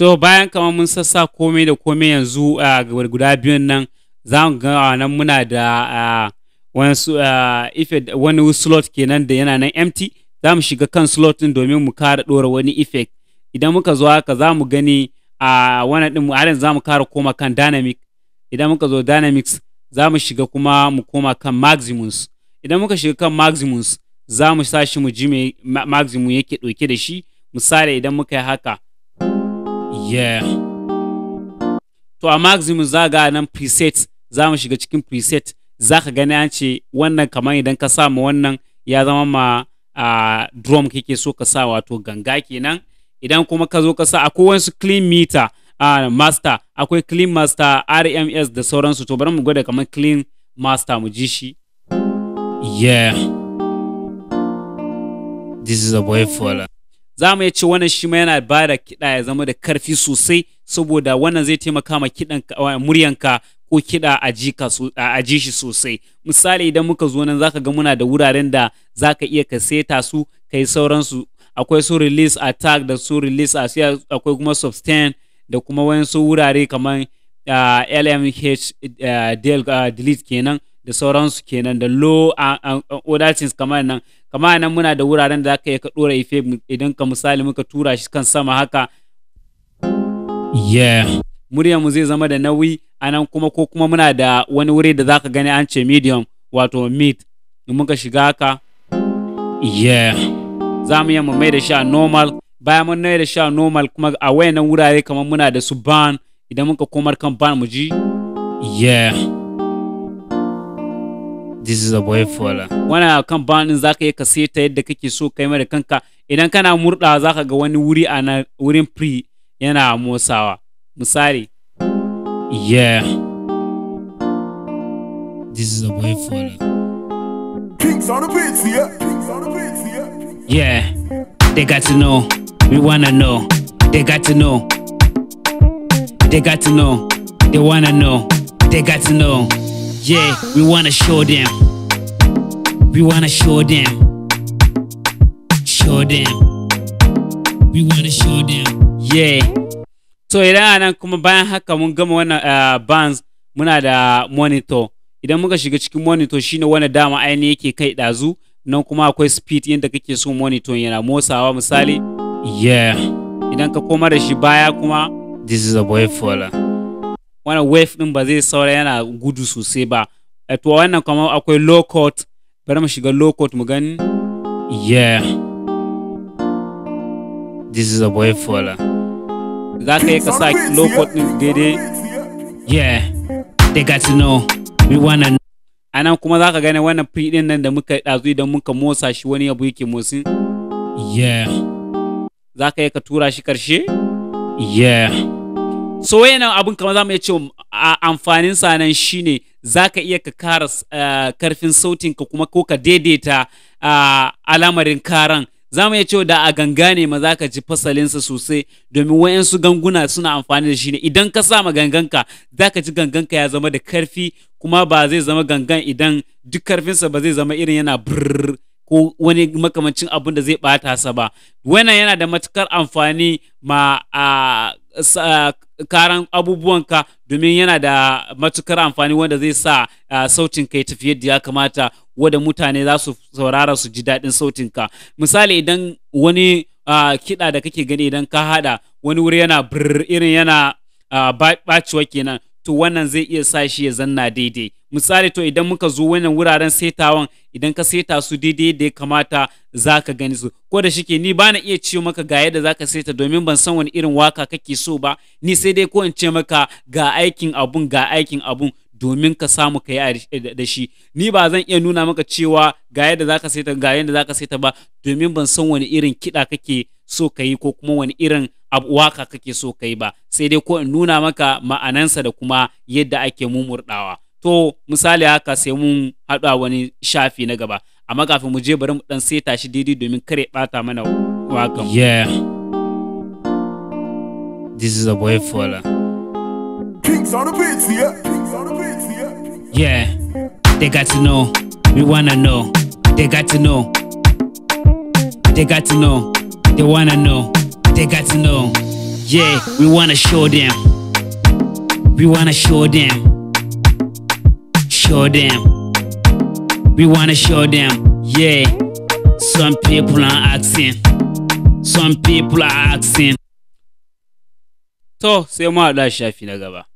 so bayan kamar mun sassa komai da komai yanzu a guda biyun nan za mu ga nan muna da wani slot kenan da yana nan empty za mu shiga kan slot din domin mu kara dora wani effect idan muka zo haka za mu gani a wani din mu za mu kara koma kan dynamic idan muka zo dynamics za mu shiga kuma mu koma kan maximums idan muka shiga kan maximums za mu sa shi mu ji me maximum yake dauke da shi misali idan muka yi haka yeah to a maximum za ga nan preset za mu shiga cikin preset za ka gani an ce wannan kamar idan ka sa ma wannan ya zama ma a drum kake so ka sa wato ganga kenan idan kuma ka zo ka sa akwai wasu clean meter a master akwai clean master rms da sauransu to bari mu gwada kamar clean master mu ji shi yeah this is a boy fella za mu iya ce wannan shi ma yana ba da kiɗa ya zama da karfi sosai saboda wannan zai taimaka ma kiɗan muryanka ko kiɗa a ji shi sosai misali idan muka zo nan zaka ga muna da wuraren da zaka iya ka seta su kai sauransu akwai su release attack da su release asiya akwai kuma sustain da kuma wayansu wurare kamar lmh eh, ah, delete kenan da sauransu kenan da low order kamar nan kamar nan muna da wuraren da za ka yi ka ɗora ife idan ka misali muka tura shi kan sama haka yeah mu zai zama da nauyi a nan kuma ko kuma muna da wani wuri da za ka gani an ce medium wato meat in muka shiga haka yeah za mu yi mu mai da shi a normal bayan mun mai da shi a normal kuma a wayannan wurare kamar muna da su ban idan muka komar kan ban mu ji this is a boy fola wannan kamfanin za ka yi ka seta yadda kake so kai da kanka idan kana murɗa za ka ga wani wuri a wurin pre yana motsawa misali yeah this is a boy fola yeah they got to know we wanna know they got to know they got to know they wanna know they got to know Yeah, we wanna show them. We wanna show them. Show them. We wanna show them. Yeah. So idan anan kuma bayan haka mun gama wannan uh, bands muna da monitor. Idan muka shiga cikin monitor shine wani dama aini yake kai ɗazu nan kuma akwai speed yadda kake so monitor yana motsawa misali. Yeah. Idan ka koma da shi baya kuma this is a boy faller. wannan wave din ba zai saura yana gudu sosai ba eh, to wannan kuma akwai low court bari mu shiga low court mu gani yeah this is a boy fola za ka yi ka sa low court din daidai yeah they got to know we wanna anan kuma za ka gane wannan pre din nan da muka ɗazu idan muka motsa shi wani abu yake motsi yeah za ka yi ka tura shi ƙarshe yeah so wayannan abin kamar zamu iya ce amfanin sa nan shine zaka iya ka kara eh, karfin sautin ka kuma ko ka daidaita alamarin karan za mu iya cewa da a ganga ne ma za ka ji fasalinsa sosai domin wayansu ganguna suna amfani da shi ne idan ka sa ma ganganka za ka ji ganganka ya zama da karfi kuma ba zai zama gangan idan duk karfinsa ba zai zama irin yana brrr ko wani makamancin abun da zai bata sa ba wannan yana da matukar amfani ma a karan abubuwanka domin yana da matukar amfani wanda zai sa sautin ka ya tafi yadda ya kamata wanda mutane za su saurara su ji daɗin sautin ka misali idan wani kiɗa da kake gani idan ka haɗa wani wuri yana irin yana bacewa kenan to wannan zai iya sa shi ya zanna daidai misali to idan muka zo wannan wuraren setawan idan ka seta su daidai da ya kamata za ka gani su ko da shike ni ba na iya ce maka ga yadda za ka seta domin ban san wani irin waka kake so ba ni sai dai ko in ce maka ga aikin abun ga aikin abun domin ka samu ka yi da shi ni ba zan iya nuna maka cewa ga yadda za ka saita ga yadda za ka seta ba domin ban san wani irin kiɗa kake so ka yi ko kuma wani irin waka kake so ka yi ba sai dai ko in nuna maka ma'anansa da kuma yadda ake mumurɗawa to misali haka sai mun haɗu a wani shafi na gaba amma kafin mu je bari mu dan seta shi daidai domin kare bata mana wakan yeah this is a boy fella kings on the beats yeah yeah they got to know we wanna know they got to know they got to know they wanna know they got to know yeah we wanna show them we wanna show them show them. We wanna show them, yeah. Some people are asking. Some people are asking. To sai mu haɗa shafi na gaba.